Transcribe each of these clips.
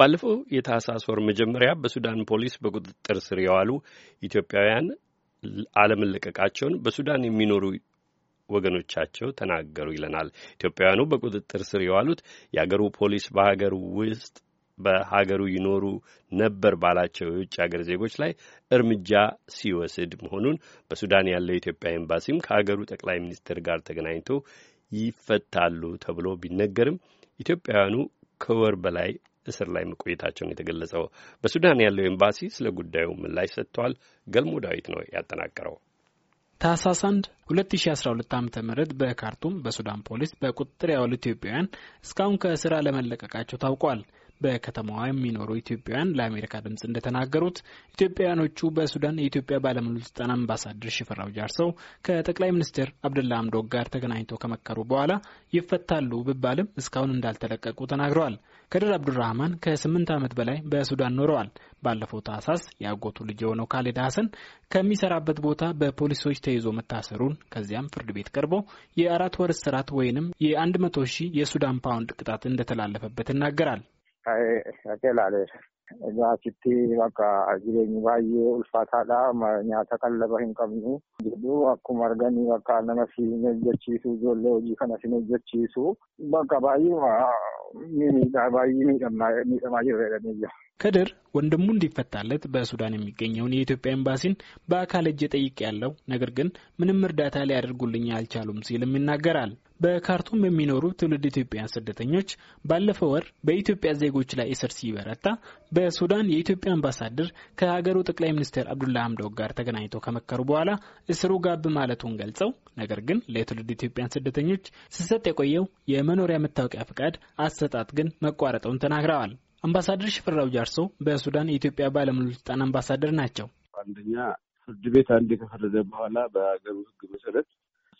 ባለፈው የታህሳስ ወር መጀመሪያ በሱዳን ፖሊስ በቁጥጥር ስር የዋሉ ኢትዮጵያውያን አለመለቀቃቸውን በሱዳን የሚኖሩ ወገኖቻቸው ተናገሩ ይለናል። ኢትዮጵያውያኑ በቁጥጥር ስር የዋሉት የአገሩ ፖሊስ በሀገር ውስጥ በሀገሩ ይኖሩ ነበር ባላቸው የውጭ ሀገር ዜጎች ላይ እርምጃ ሲወስድ መሆኑን በሱዳን ያለው የኢትዮጵያ ኤምባሲም ከሀገሩ ጠቅላይ ሚኒስትር ጋር ተገናኝቶ ይፈታሉ ተብሎ ቢነገርም ኢትዮጵያውያኑ ከወር በላይ እስር ላይ መቆየታቸውን የተገለጸው። በሱዳን ያለው ኤምባሲ ስለ ጉዳዩ ምላሽ ሰጥቷል። ገልሞ ዳዊት ነው ያጠናቀረው። ታህሳስ 1 2012 ዓ.ም በካርቱም በሱዳን ፖሊስ በቁጥጥር ያዋሉ ኢትዮጵያውያን እስካሁን ከእስር አለመለቀቃቸው ታውቋል። በከተማዋ የሚኖሩ ኢትዮጵያውያን ለአሜሪካ ድምፅ እንደተናገሩት ኢትዮጵያውያኖቹ በሱዳን የኢትዮጵያ ባለሙሉ ስልጣን አምባሳደር ሽፈራው ጃርሰው ከጠቅላይ ሚኒስትር አብደላ አምዶክ ጋር ተገናኝተው ከመከሩ በኋላ ይፈታሉ ብባልም እስካሁን እንዳልተለቀቁ ተናግረዋል። ከድር አብዱራህማን ከስምንት ዓመት በላይ በሱዳን ኖረዋል። ባለፈው ታህሳስ የአጎቱ ልጅ የሆነው ካሌድ ሀሰን ከሚሰራበት ቦታ በፖሊሶች ተይዞ መታሰሩን ከዚያም ፍርድ ቤት ቀርቦ የአራት ወር እስራት ወይንም የአንድ መቶ ሺህ የሱዳን ፓውንድ ቅጣት እንደተላለፈበት ይናገራል። Ah, eh, a, a la Gaasitti bakka jireenyi baay'ee ulfaataadha. Nyaata qallaba hin qabnu jedhu akkuma arganii bakka nama si hojjechiisu ijoollee hojii kana si hojjechiisu bakka baay'ee miidhaa baay'ee miidhamaa jirredha jiru. ከድር ወንድሙ እንዲፈታለት በሱዳን የሚገኘውን የኢትዮጵያ ኤምባሲን በአካል እጅ ጠይቄያለሁ፣ ነገር ግን ምንም እርዳታ ሊያደርጉልኝ አልቻሉም ሲልም ይናገራል። በካርቱም የሚኖሩ ትውልድ ኢትዮጵያውያን ስደተኞች ባለፈው ወር በኢትዮጵያ ዜጎች ላይ እስር ሲበረታ በ በሱዳን የኢትዮጵያ አምባሳደር ከሀገሩ ጠቅላይ ሚኒስትር አብዱላ ሀምዶክ ጋር ተገናኝተው ከመከሩ በኋላ እስሩ ጋብ ማለቱን ገልጸው ነገር ግን ለትውልድ ኢትዮጵያን ስደተኞች ሲሰጥ የቆየው የመኖሪያ መታወቂያ ፍቃድ አሰጣጥ ግን መቋረጠውን ተናግረዋል። አምባሳደር ሽፈራው ጃርሶ በሱዳን የኢትዮጵያ ባለሙሉ ስልጣን አምባሳደር ናቸው። አንደኛ ፍርድ ቤት አንድ ከፈረደ በኋላ በሀገሩ ህግ መሰረት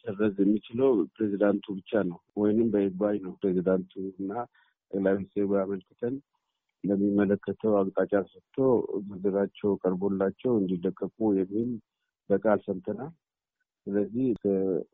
ሰረዝ የሚችለው ፕሬዚዳንቱ ብቻ ነው፣ ወይንም በይግባኝ ነው። ፕሬዚዳንቱ እና ጠቅላይ ሚኒስትሩ አመልክተን ለሚመለከተው አቅጣጫ ሰጥቶ ዝርዝራቸው ቀርቦላቸው እንዲለቀቁ የሚል በቃል ሰምተናል። ስለዚህ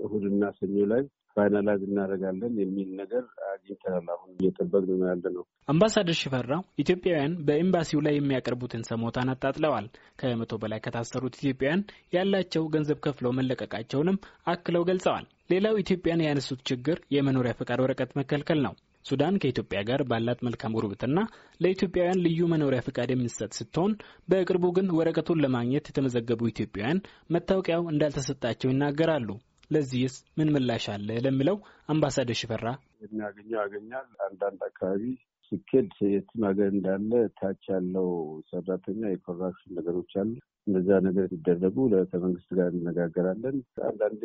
እሁድና ሰኞ ላይ ፋይናላይዝ እናደርጋለን የሚል ነገር አግኝተናል። አሁን እየጠበቅን ያለ ነው። አምባሳደር ሽፈራው ኢትዮጵያውያን በኤምባሲው ላይ የሚያቀርቡትን ሰሞታን አጣጥለዋል። ከመቶ በላይ ከታሰሩት ኢትዮጵያውያን ያላቸው ገንዘብ ከፍለው መለቀቃቸውንም አክለው ገልጸዋል። ሌላው ኢትዮጵያን ያነሱት ችግር የመኖሪያ ፈቃድ ወረቀት መከልከል ነው። ሱዳን ከኢትዮጵያ ጋር ባላት መልካም ጉርብትና ለኢትዮጵያውያን ልዩ መኖሪያ ፈቃድ የምትሰጥ ስትሆን በቅርቡ ግን ወረቀቱን ለማግኘት የተመዘገቡ ኢትዮጵያውያን መታወቂያው እንዳልተሰጣቸው ይናገራሉ። ለዚህስ ምን ምላሽ አለ ለሚለው አምባሳደር ሽፈራ የሚያገኘው ያገኛል። አንዳንድ አካባቢ ሲኬድ የትም ሀገር እንዳለ ታች ያለው ሰራተኛ የኮራፕሽን ነገሮች አሉ። እነዚያ ነገር ሲደረጉ ከመንግስት ጋር እንነጋገራለን። አንዳንዴ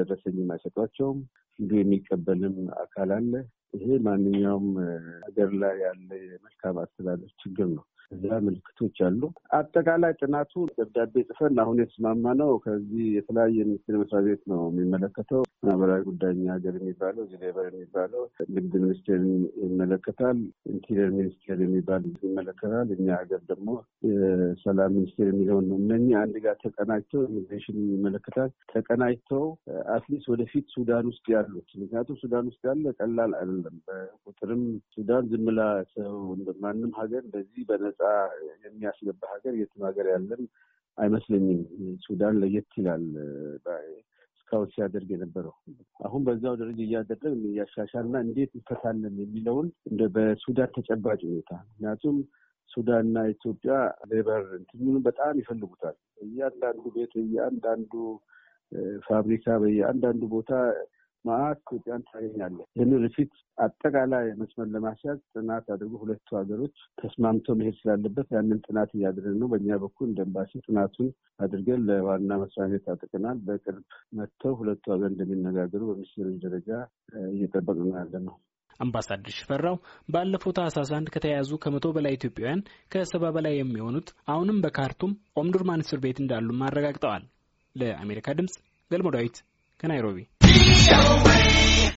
ደረሰኝ አይሰጧቸውም። እንዲሁ የሚቀበልም አካል አለ። ይሄ ማንኛውም ሀገር ላይ ያለ የመልካም አስተዳደር ችግር ነው። እዛ ምልክቶች አሉ። አጠቃላይ ጥናቱ ደብዳቤ ጽፈን አሁን የተስማማ ነው። ከዚህ የተለያየ ሚኒስቴር መስሪያ ቤት ነው የሚመለከተው። ማህበራዊ ጉዳይ ሀገር የሚባለው እዚህ ሌበር የሚባለው ንግድ ሚኒስቴር ይመለከታል። ኢንቴሪየር ሚኒስቴር የሚባል ይመለከታል። እኛ ሀገር ደግሞ የሰላም ሚኒስቴር የሚለውን ነው። እነኚህ አንድ ጋር ተቀናጅተው ኢሚግሬሽን ይመለከታል። ተቀናጅተው አትሊስት ወደፊት ሱዳን ውስጥ ያሉት ምክንያቱም ሱዳን ውስጥ ያለ ቀላል አይደለም። በቁጥርም ሱዳን ዝምላ ሰው ማንም ሀገር እንደዚህ በነ ነፃ የሚያስገባ ሀገር የትም ሀገር ያለም አይመስለኝም። ሱዳን ለየት ይላል እስካሁን ሲያደርግ የነበረው አሁን በዛው ደረጃ እያደረግን እያሻሻልና እንዴት እንፈታለን የሚለውን እንደ በሱዳን ተጨባጭ ሁኔታ ምክንያቱም ሱዳንና ኢትዮጵያ ሌበር እንትኑን በጣም ይፈልጉታል። በየአንዳንዱ ቤት፣ በየአንዳንዱ ፋብሪካ፣ በየአንዳንዱ ቦታ ማት ኢትዮጵያን ታገኛለህ። ይህንን ርፊት አጠቃላይ መስመር ለማስያዝ ጥናት አድርጎ ሁለቱ ሀገሮች ተስማምቶ መሄድ ስላለበት ያንን ጥናት እያደረግን ነው። በእኛ በኩል እንደ ኤምባሲ ጥናቱን አድርገን ለዋና መስሪያ ቤት አጥቅናል። በቅርብ መጥተው ሁለቱ ሀገር እንደሚነጋገሩ በሚኒስትሮች ደረጃ እየጠበቅን ነው ያለ ነው። አምባሳደር ሽፈራው ባለፈው ታህሳስ አንድ ከተያያዙ ከመቶ በላይ ኢትዮጵያውያን ከሰባ በላይ የሚሆኑት አሁንም በካርቱም ኦምዱርማን እስር ቤት እንዳሉም አረጋግጠዋል። ለአሜሪካ ድምጽ ገልሞ ዳዊት ከናይሮቢ Show